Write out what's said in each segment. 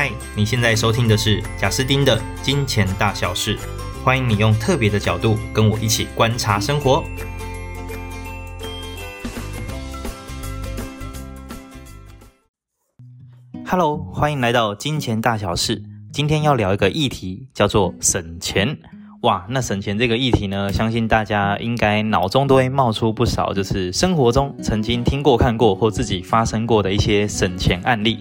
嗨，你現在收聽的是賈斯丁的《金錢大小事》，歡迎你用特別的角度跟我一起觀察生活。Hello，歡迎來到《金錢大小事》，今天要聊一個議題，叫做省錢。哇，那省錢這個議題呢，相信大家應該腦中都會冒出不少，就是生活中曾經聽過、看過或自己發生過的一些省錢案例。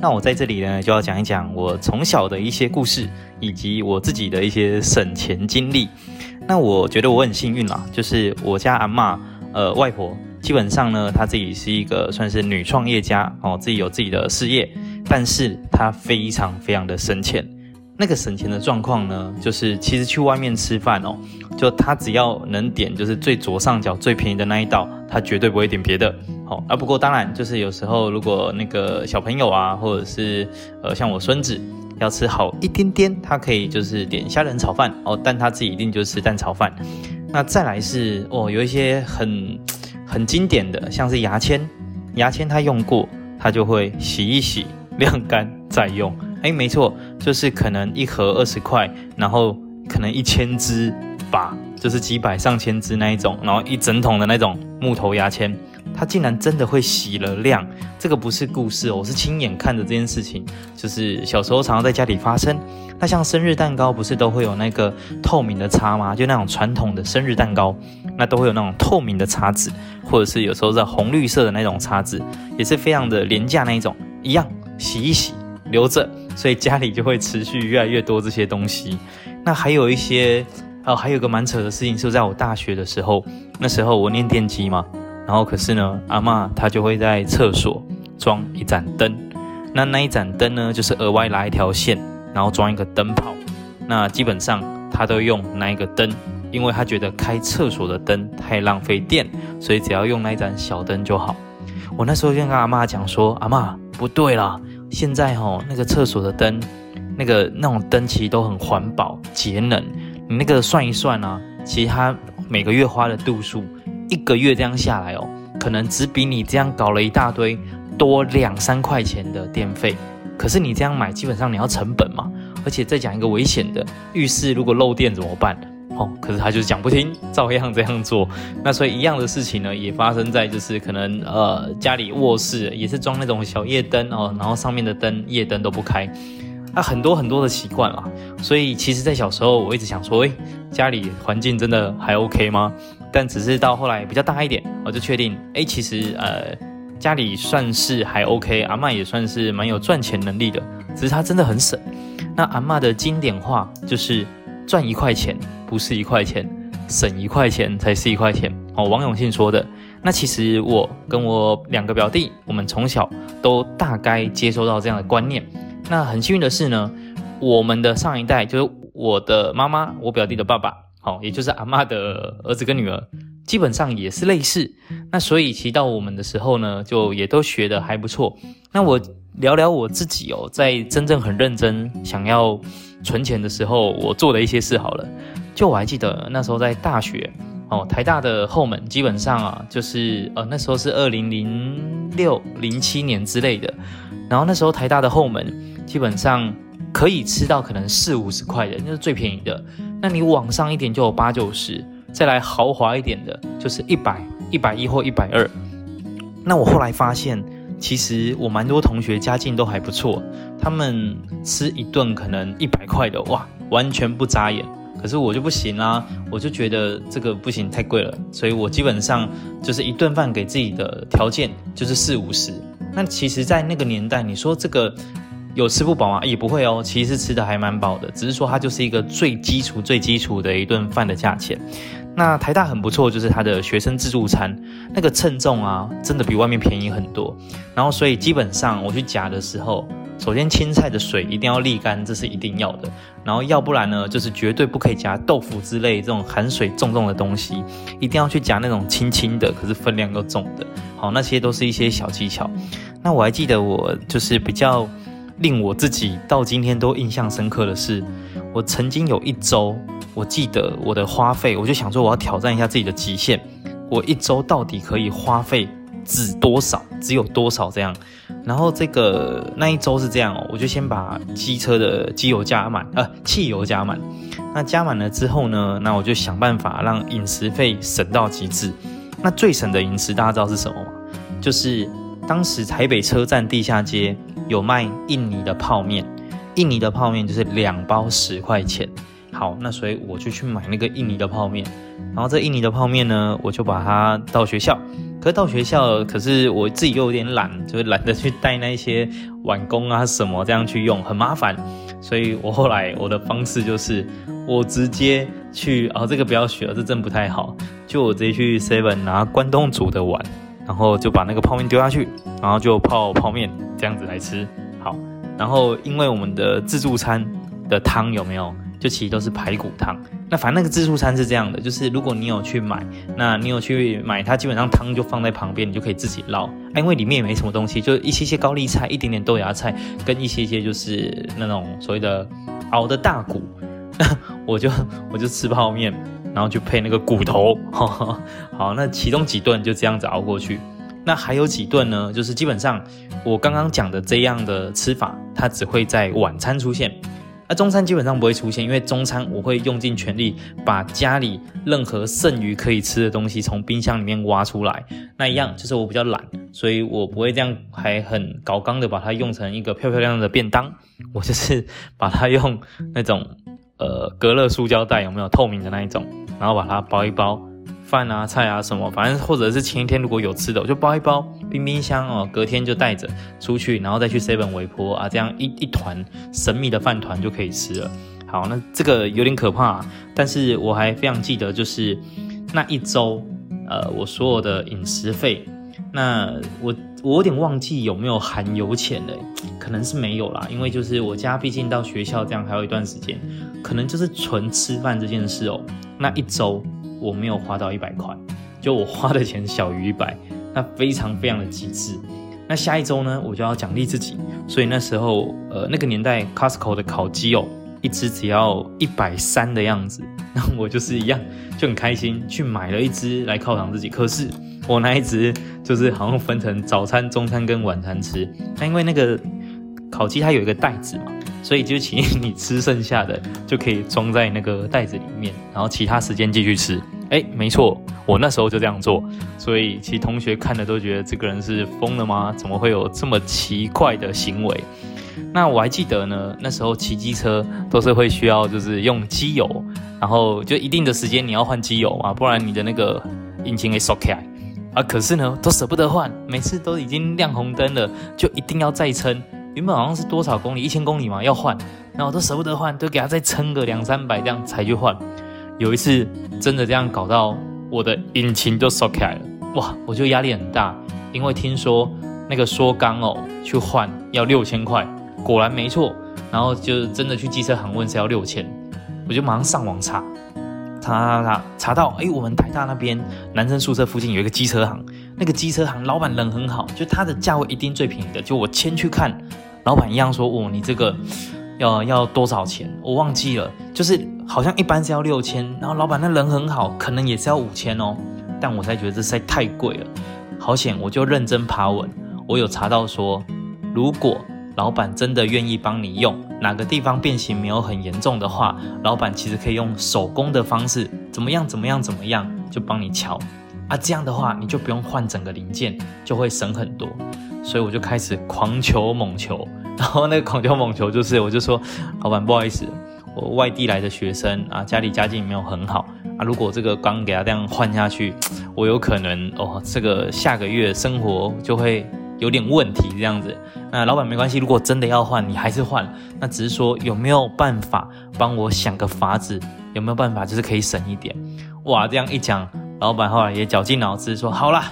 那我在這裡呢，就要講一講我從小的一些故事，以及我自己的一些省錢經歷。那我覺得我很幸運啦，就是我家阿嬤，呃，外婆，基本上呢，她自己是一個算是女創業家哦，自己有自己的事業，但是她非常非常的省錢。那個省錢的狀況呢，就是其實去外面吃飯哦，就他只要能點，就是最左上角最便宜的那一道，他絕對不會點別的。好、哦，啊不過當然就是有時候如果那個小朋友啊，或者是呃像我孫子要吃好一點點，他可以就是點蝦仁炒飯哦，但他自己一定就是吃蛋炒飯。那再來是哦，有一些很很經典的，像是牙籤，牙籤他用過，他就會洗一洗，晾乾再用。哎，沒錯。就是可能一盒二十塊，然後可能一千只吧，就是幾百上千只那一種，然後一整桶的那種木頭牙籤，它竟然真的會洗了亮，這個不是故事哦，我是親眼看着這件事情，就是小時候常常在家裡發生。那像生日蛋糕不是都會有那個透明的叉嗎？就那種傳統的生日蛋糕，那都會有那種透明的叉子，或者是有時候是紅綠色的那種叉子，也是非常的廉價那一種，一樣，洗一洗，留着。所以家裡就會持續越來越多這些東西。那還有一些，哦，還有一個蠻扯的事情，是不是在我大學的時候，那時候我念電機嘛，然後可是呢，阿嬤她就會在廁所裝一盞燈。那那一盞燈呢，就是額外拿一條線，然後裝一個燈泡。那基本上她都用那一個燈，因為她覺得開廁所的燈太浪費電，所以只要用那一盞小燈就好。我那時候就跟阿嬤講說，阿嬤不對啦！現在吼、哦、那個廁所的燈，那個那種燈其實都很環保節能。你那個算一算啊，其實它每個月花的度數，一個月這樣下來哦，可能只比你這樣搞了一大堆多兩三塊錢的電費。可是你這樣買，基本上你要成本嘛，而且再講一個危險的，浴室如果漏電怎麼辦？哦，可是他就是講不聽，照樣這樣做。那所以一樣的事情呢，也發生在就是可能呃家裡臥室也是裝那種小夜燈哦，然後上面的燈夜燈都不開。那、啊、很多很多的習慣啦，所以其實，在小時候我一直想說，誒，家裡環境真的還 OK 嗎？但只是到後來比較大一點，我就確定，誒，其實呃家裡算是還 OK，阿嬤也算是蠻有賺錢能力的，只是她真的很省。那阿嬤的經典話就是。賺一塊錢不是一塊錢，省一塊錢才是一塊錢。哦，王永慶說的。那其實我跟我兩個表弟，我們從小都大概接受到這樣的觀念。那很幸運的是呢，我們的上一代就是我的媽媽，我表弟的爸爸，哦，也就是阿媽的兒子跟女兒，基本上也是類似。那所以其實到我們的時候呢，就也都學得還不錯。那我聊聊我自己哦，在真正很認真想要。存錢的時候，我做了一些事好了。就我還記得那時候在大學哦，台大的後門基本上啊，就是呃那時候是二零零六零七年之類的。然後那時候台大的後門基本上可以吃到可能四五十塊的，那，就是最便宜的。那你往上一點就有八九十，再來豪華一點的就是一百、一百一或一百二。那我後來發現。其實我蠻多同學家境都還不錯，他們吃一頓可能一百塊的哇，完全不眨眼。可是我就不行啦，啊，我就覺得這個不行，太貴了。所以我基本上就是一頓飯給自己的條件就是四五十。那其實，在那個年代，你說這個。有吃不飽嗎？也不會哦，其實是吃的還蠻飽的，只是說它就是一個最基礎、最基礎的一頓飯的價錢。那台大很不錯，就是它的學生自助餐那個稱重啊，真的比外面便宜很多。然後所以基本上我去夾的時候，首先青菜的水一定要瀝乾，這是一定要的。然後要不然呢，就是絕對不可以夾豆腐之類這種含水重重的東西，一定要去夾那種輕輕的，可是分量又重的。好，那些都是一些小技巧。那我還記得我就是比較。令我自己到今天都印象深刻的是，我曾經有一周，我記得我的花費，我就想說我要挑戰一下自己的極限，我一周到底可以花費只多少，只有多少這樣。然後這個那一周是這樣哦，我就先把機車的機油加滿，呃，汽油加滿。那加滿了之後呢，那我就想辦法讓飲食費省到極致。那最省的飲食，大家知道是什麼嗎？就是。當時台北車站地下街有賣印尼的泡麵，印尼的泡麵就是兩包十塊錢。好，那所以我就去買那個印尼的泡麵，然後這印尼的泡麵呢，我就把它到學校。可是到學校，可是我自己又有點懶，就懶得去帶那些碗工啊什麼這樣去用，很麻煩。所以我後來我的方式就是，我直接去哦，這個不要學，這真不太好，就我直接去 Seven 拿關東煮的碗。然後就把那個泡麵丟下去，然後就泡泡麵這樣子來吃。好，然後因為我們的自助餐的湯有沒有，就其實都是排骨湯。那反正那個自助餐是這樣的，就是如果你有去買，那你有去買，它基本上湯就放在旁邊，你就可以自己撈。啊，因為裡面也沒什麼東西，就一些些高麗菜，一點點豆芽菜，跟一些些就是那種所謂的熬的大骨。呵呵我就我就吃泡麵，然後就配那個骨頭呵呵。好，那其中幾頓就這樣子熬過去。那還有幾頓呢？就是基本上我剛剛講的這樣的吃法，它只會在晚餐出現。那中餐基本上不會出現，因為中餐我會用盡全力把家裡任何剩餘可以吃的東西從冰箱裡面挖出來。那一樣就是我比較懶，所以我不會這樣還很搞剛的把它用成一個漂漂亮亮的便當。我就是把它用那種。呃，隔熱塑膠袋有沒有透明的那一種？然後把它包一包飯啊、菜啊什麼，反正或者是前一天如果有吃的，我就包一包冰冰箱哦，隔天就帶着出去，然後再去 Seven 微波啊，這樣一一團神秘的飯糰就可以吃了。好，那這個有點可怕，但是我還非常記得就是那一周，呃，我所有的飲食費，那我。我有點忘記有沒有含油錢的，可能是沒有啦，因為就是我家畢竟到學校這樣還有一段時間，可能就是純吃飯這件事哦。那一周我沒有花到一百塊，就我花的錢小於一百，那非常非常的極致。那下一周呢，我就要獎勵自己，所以那時候呃，那個年代 Costco 的烤雞哦，一隻只要一百三的樣子，那我就是一樣就很開心去買了一隻來犒賞自己。可是。我那一隻就是好像分成早餐、中餐跟晚餐吃。那因為那個烤雞它有一個袋子嘛，所以就請你吃剩下的就可以裝在那個袋子裡面，然後其他時間繼續吃。哎、欸，沒錯，我那時候就這樣做，所以其實同學看了都覺得這個人是瘋了嗎？怎麼會有這麼奇怪的行為？那我還記得呢，那時候騎機車都是會需要就是用機油，然後就一定的時間你要換機油嘛，不然你的那個引擎會燒開。啊，可是呢，都捨不得換，每次都已經亮紅燈了，就一定要再撐。原本好像是多少公里，一千公里嘛，要換，然後都捨不得換，都給他再撐個兩三百，這樣才去換。有一次真的這樣搞到我的引擎就燒起來了，哇，我就壓力很大，因為聽說那個縮缸哦，去換要六千塊，果然沒錯。然後就真的去機車行問是要六千，我就馬上上網查。查查查查到，哎、欸，我們台大那邊男生宿舍附近有一個機車行，那個機車行老板人很好，就他的價位一定最便宜的。就我先去看，老板一樣說，哦，你這個要要多少錢？我忘記了，就是好像一般是要六千，然後老板那人很好，可能也是要五千哦。但我才覺得這實在太貴了，好險我就認真爬文。我有查到說，如果。老闆真的願意幫你用哪個地方變形沒有很嚴重的話，老闆其實可以用手工的方式，怎麼樣怎麼樣怎麼樣就幫你敲啊。這樣的話，你就不用換整個零件，就會省很多。所以我就開始狂求猛求，然後那個狂求猛求就是，我就說，老闆不好意思，我外地來的學生啊，家裡家境沒有很好啊。如果這個光給他這樣換下去，我有可能哦，這個下個月生活就會。有點問題這樣子，那老闆，沒關係，如果真的要換，你還是換，那只是說有沒有辦法幫我想個法子，有沒有辦法就是可以省一點？哇，這樣一講，老闆後來也絞盡腦汁說，好啦，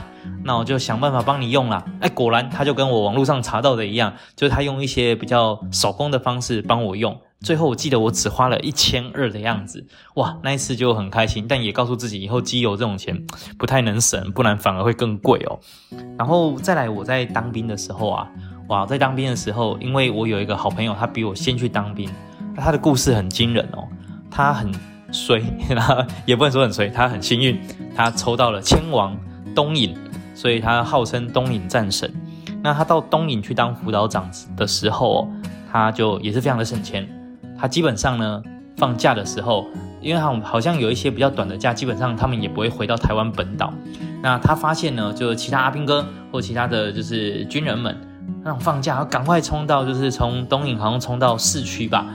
那我就想辦法幫你用啦。哎、欸，果然他就跟我網絡上查到的一樣，就是他用一些比較手工的方式幫我用。最後我記得我只花了一千二的樣子，哇，那一次就很開心，但也告訴自己以後機油這種錢不太能省，不然反而會更貴哦、喔。然後再來我在當兵的時候啊，哇，在當兵的時候，因為我有一個好朋友，他比我先去當兵，他的故事很驚人哦、喔，他很衰，然後也不能說很衰，他很幸運，他抽到了籤王東引，所以他號稱東引戰神。那他到東引去當輔導長的時候、喔，他就也是非常的省錢。他基本上呢，放假的時候，因為好好像有一些比較短的假，基本上他們也不會回到台灣本島。那他發現呢，就是其他阿兵哥或其他的就是軍人們，那種放假要趕快衝到，就是從東引好像衝到市區吧，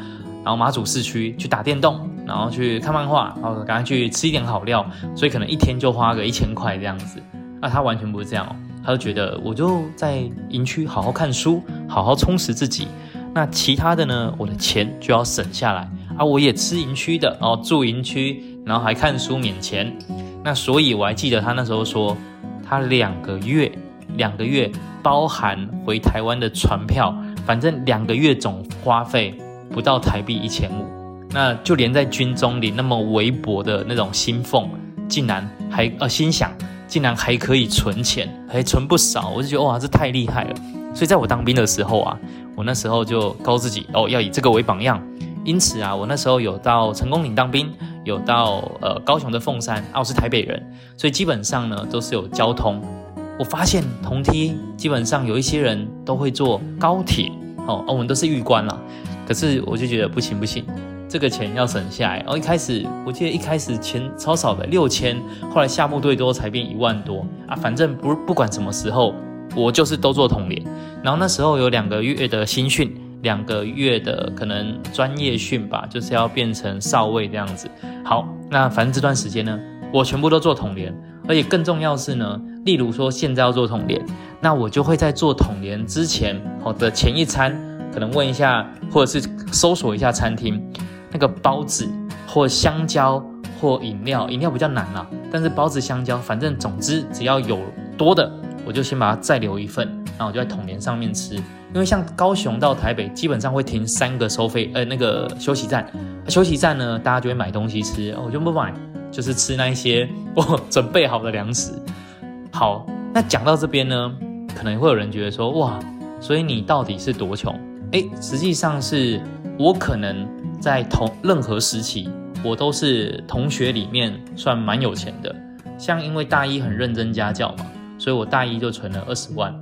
然後馬祖市區去打電動，然後去看漫畫，然後趕快去吃一點好料，所以可能一天就花個一千塊這樣子。那他完全不是這樣哦，他就覺得我就在營區好好看書，好好充實自己。那其他的呢？我的錢就要省下來啊！我也吃營區的哦，住營區，然後還看書免錢。那所以我還記得他那時候說，他兩個月，兩個月包含回台灣的船票，反正兩個月總花費不到台幣一千五。那就連在軍中裡那麼微薄的那種薪俸，竟然還呃心想，竟然還可以存錢，還存不少。我就覺得哇，這太厲害了。所以，在我當兵的時候啊，我那時候就告自己哦，要以這個為榜樣。因此啊，我那時候有到成功嶺當兵，有到呃高雄的鳳山，啊，我是台北人，所以基本上呢都是有交通。我發現同梯基本上有一些人都會坐高鐵，哦、啊，我們都是預官了。可是我就覺得不行不行，這個錢要省下來。哦，一開始我記得一開始錢超少的六千，後來下部隊最多才變一萬多啊，反正不不管什麼時候。我就是都坐統聯，然後那時候有兩個月的新訓，兩個月的可能專業訓吧，就是要變成少尉這樣子。好，那反正這段時間呢，我全部都坐統聯，而且更重要是呢，例如說現在要坐統聯，那我就會在坐統聯之前，好的前一餐可能問一下，或者是搜索一下餐廳那個包子或香蕉或飲料，飲料比較難啦、啊，但是包子香蕉，反正總之只要有多的。我就先把它再留一份，然後我就在統聯上面吃。因為像高雄到台北，基本上會停三個收費，呃，那個休息站，休息站呢，大家就會買東西吃，哦、我就不買，就是吃那一些我準備好的糧食。好，那講到這邊呢，可能會有人覺得說，哇，所以你到底是多窮？誒，實際上是我可能在同任何時期，我都是同學裡面算蠻有錢的，像因為大一很認真家教嘛。所以我大一就存了二十萬，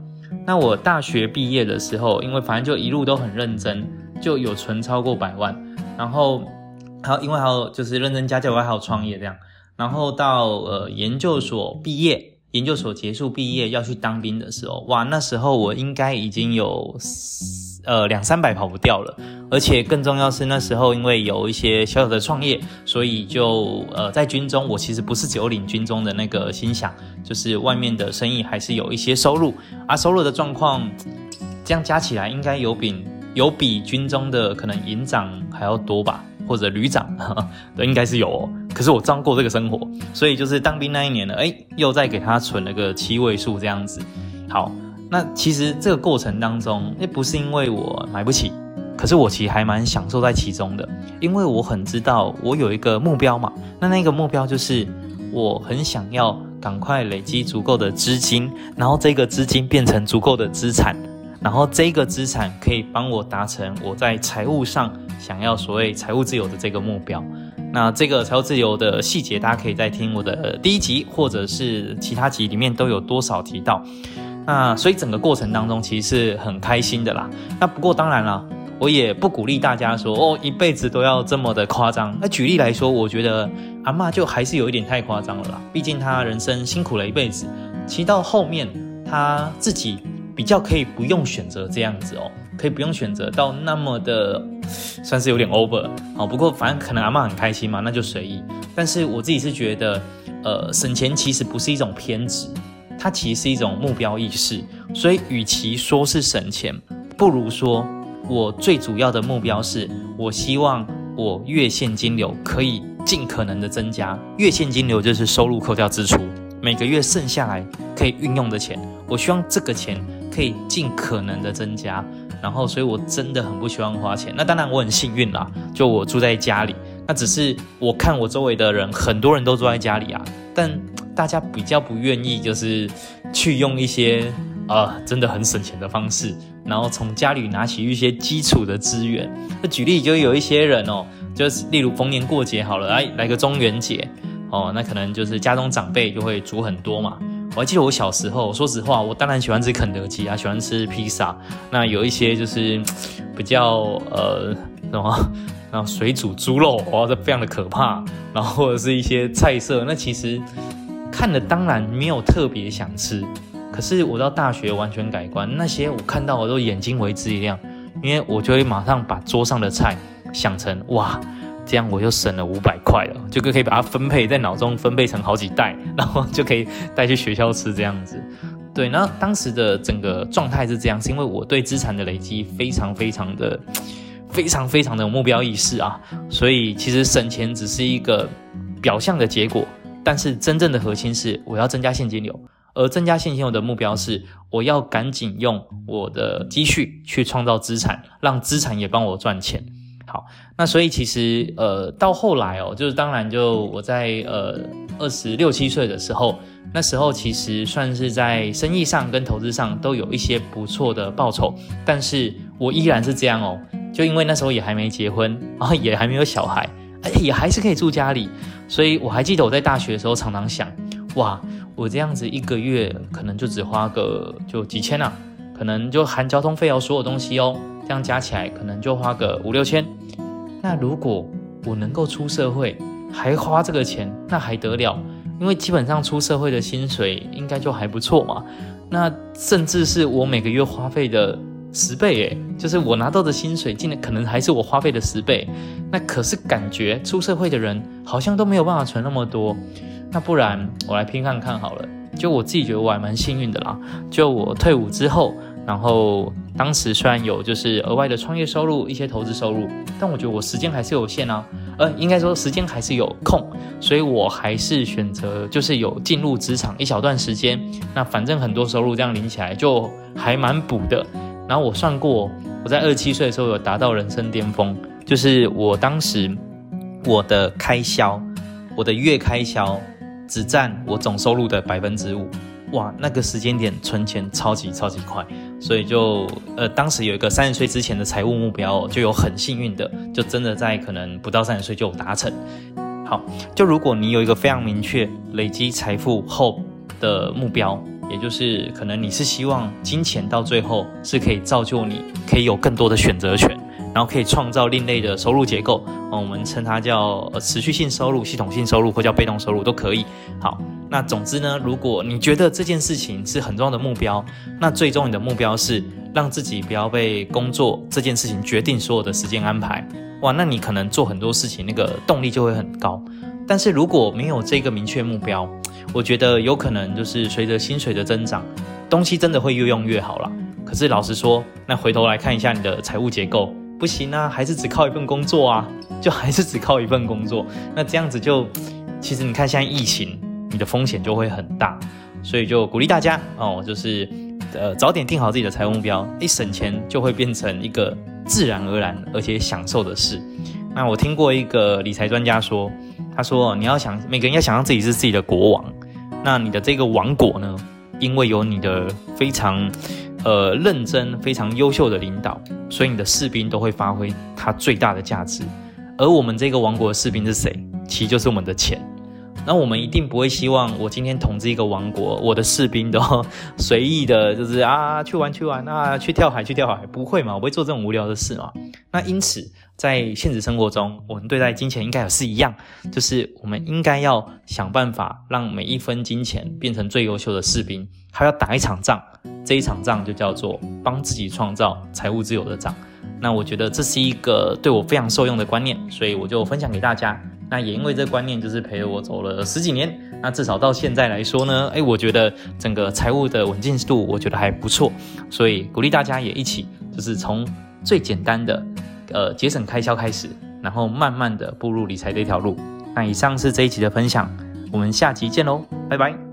那我大學畢業的時候，因為反正就一路都很認真，就有存超過百萬，然後還有因為還有就是認真家教，我還有創業這樣，然後到，呃，研究所畢業。研究所結束畢業要去當兵的時候，哇，那時候我應該已經有呃兩三百跑不掉了，而且更重要是那時候因為有一些小小的創業，所以就呃在軍中我其實不是只有領軍中的那個薪餉，就是外面的生意還是有一些收入，啊收入的狀況這樣加起來應該有比有比軍中的可能營長還要多吧，或者旅長都應該是有。哦。可是我照樣過這個生活，所以就是當兵那一年呢，哎，又再給他存了個七位數這樣子。好，那其實這個過程當中，那不是因為我買不起，可是我其實還蠻享受在其中的，因為我很知道我有一個目標嘛。那那個目標就是，我很想要趕快累積足夠的資金，然後這個資金變成足夠的資產，然後這個資產可以幫我達成我在財務上想要所謂財務自由的這個目標。那這個財務自由的細節，大家可以再聽我的第一集或者是其他集裡面都有多少提到。那所以整個過程當中其實是很開心的啦。那不過當然啦，我也不鼓勵大家說哦，一輩子都要這麼的誇張。那舉例來說，我覺得阿嬤就還是有一點太誇張了啦。畢竟她人生辛苦了一輩子，其實到後面她自己比較可以不用選擇這樣子哦、喔，可以不用選擇到那麼的。算是有點 over，好，不過反正可能阿嬤很開心嘛，那就隨意。但是我自己是覺得，呃，省錢其實不是一種偏執，它其實是一種目標意識。所以與其說是省錢，不如說我最主要的目標是，我希望我月現金流可以盡可能的增加。月現金流就是收入扣掉支出，每個月剩下來可以運用的錢，我希望這個錢。可以盡可能的增加，然後，所以我真的很不希望花錢。那當然，我很幸運啦，就我住在家裡。那只是我看我周圍的人，很多人都住在家裡啊，但大家比較不願意，就是去用一些呃真的很省錢的方式，然後從家裡拿起一些基礎的資源。那舉例就有一些人哦，就是例如逢年過節好了，來來個中元節哦，那可能就是家中長輩就會煮很多嘛。我還記得我小時候，說實話，我當然喜歡吃肯德基啊，喜歡吃披薩。那有一些就是比較呃什麼，然後水煮豬肉哇，這非常的可怕。然後或者是一些菜色，那其實看了當然沒有特別想吃。可是我到大學完全改觀，那些我看到我都眼睛為之一亮，因為我就會馬上把桌上的菜想成哇。這樣我就省了五百塊了，就可以把它分配在腦中，分配成好幾袋，然後就可以帶去學校吃這樣子。對，那當時的整個狀態是這樣，是因為我對資產的累積非常非常的、非常非常的有目標意識啊，所以其實省錢只是一個表象的結果，但是真正的核心是我要增加現金流，而增加現金流的目標是我要趕緊用我的積蓄去創造資產，讓資產也幫我賺錢。好，那所以其實呃，到後來哦，就是當然就我在呃二十六七歲的時候，那時候其實算是在生意上跟投資上都有一些不錯的報酬，但是我依然是這樣哦，就因為那時候也還沒結婚啊，也還沒有小孩，哎，也還是可以住家裡，所以我還記得我在大學的時候常常想，哇，我這樣子一個月可能就只花個就幾千啊，可能就含交通費哦，所有東西哦。這樣加起來可能就花個五六千，那如果我能夠出社會還花這個錢，那還得了？因為基本上出社會的薪水應該就還不錯嘛。那甚至是我每個月花費的十倍誒，就是我拿到的薪水，竟然可能還是我花費的十倍。那可是感覺出社會的人好像都沒有辦法存那麼多。那不然我來拼看看好了，就我自己覺得我還蠻幸運的啦。就我退伍之後，然後。當時雖然有就是額外的創業收入，一些投資收入，但我覺得我時間還是有限啊。呃，應該說時間還是有空，所以我還是選擇就是有進入職場一小段時間。那反正很多收入這樣領起來就還蠻補的。然後我算過，我在二十七歲的時候有達到人生巔峰，就是我當時我的開銷，我的月開銷只占我總收入的百分之五。哇，那個時間點存錢超級超級快，所以就呃，當時有一個三十歲之前的財務目標，就有很幸運的，就真的在可能不到三十歲就達成。好，就如果你有一個非常明確累積財富後的目標，也就是可能你是希望金錢到最後是可以造就你，可以有更多的選擇權。然後可以創造另類的收入結構，哦，我們稱它叫持續性收入、系統性收入或叫被動收入都可以。好，那總之呢，如果你覺得這件事情是很重要的目標，那最終你的目標是讓自己不要被工作這件事情決定所有的時間安排。哇，那你可能做很多事情，那個動力就會很高。但是如果沒有這個明確目標，我覺得有可能就是隨着薪水的增長，東西真的會越用越好啦。可是老實說，那回頭來看一下你的財務結構。不行啊，還是只靠一份工作啊，就還是只靠一份工作。那這樣子就，其實你看現在疫情，你的風險就會很大，所以就鼓勵大家哦，就是呃早點定好自己的財務目標，一省錢就會變成一個自然而然而且享受的事。那我聽過一個理財專家說，他說你要想每個人要想要想像自己是自己的國王，那你的這個王國呢，因為有你的非常。呃，認真非常優秀的領導，所以你的士兵都會發揮他最大的價值。而我們這個王國的士兵是誰？其實就是我們的錢。那我們一定不會希望我今天統治一個王國，我的士兵都隨意的，就是啊，去玩去玩啊，去跳海去跳海，不會嘛？我不會做這種無聊的事嘛。那因此，在現實生活中，我們對待金錢應該也是一樣，就是我們應該要想辦法讓每一分金錢變成最優秀的士兵，還要打一場仗。這一場仗就叫做幫自己創造財務自由的仗。那我覺得這是一個對我非常受用的觀念，所以我就分享給大家。那也因為這觀念就是陪我走了十幾年，那至少到現在來說呢，哎，我覺得整個財務的穩健度我覺得還不錯，所以鼓勵大家也一起就是從最簡單的呃節省開銷開始，然後慢慢的步入理財這條路。那以上是這一集的分享，我們下期見嘍，拜拜。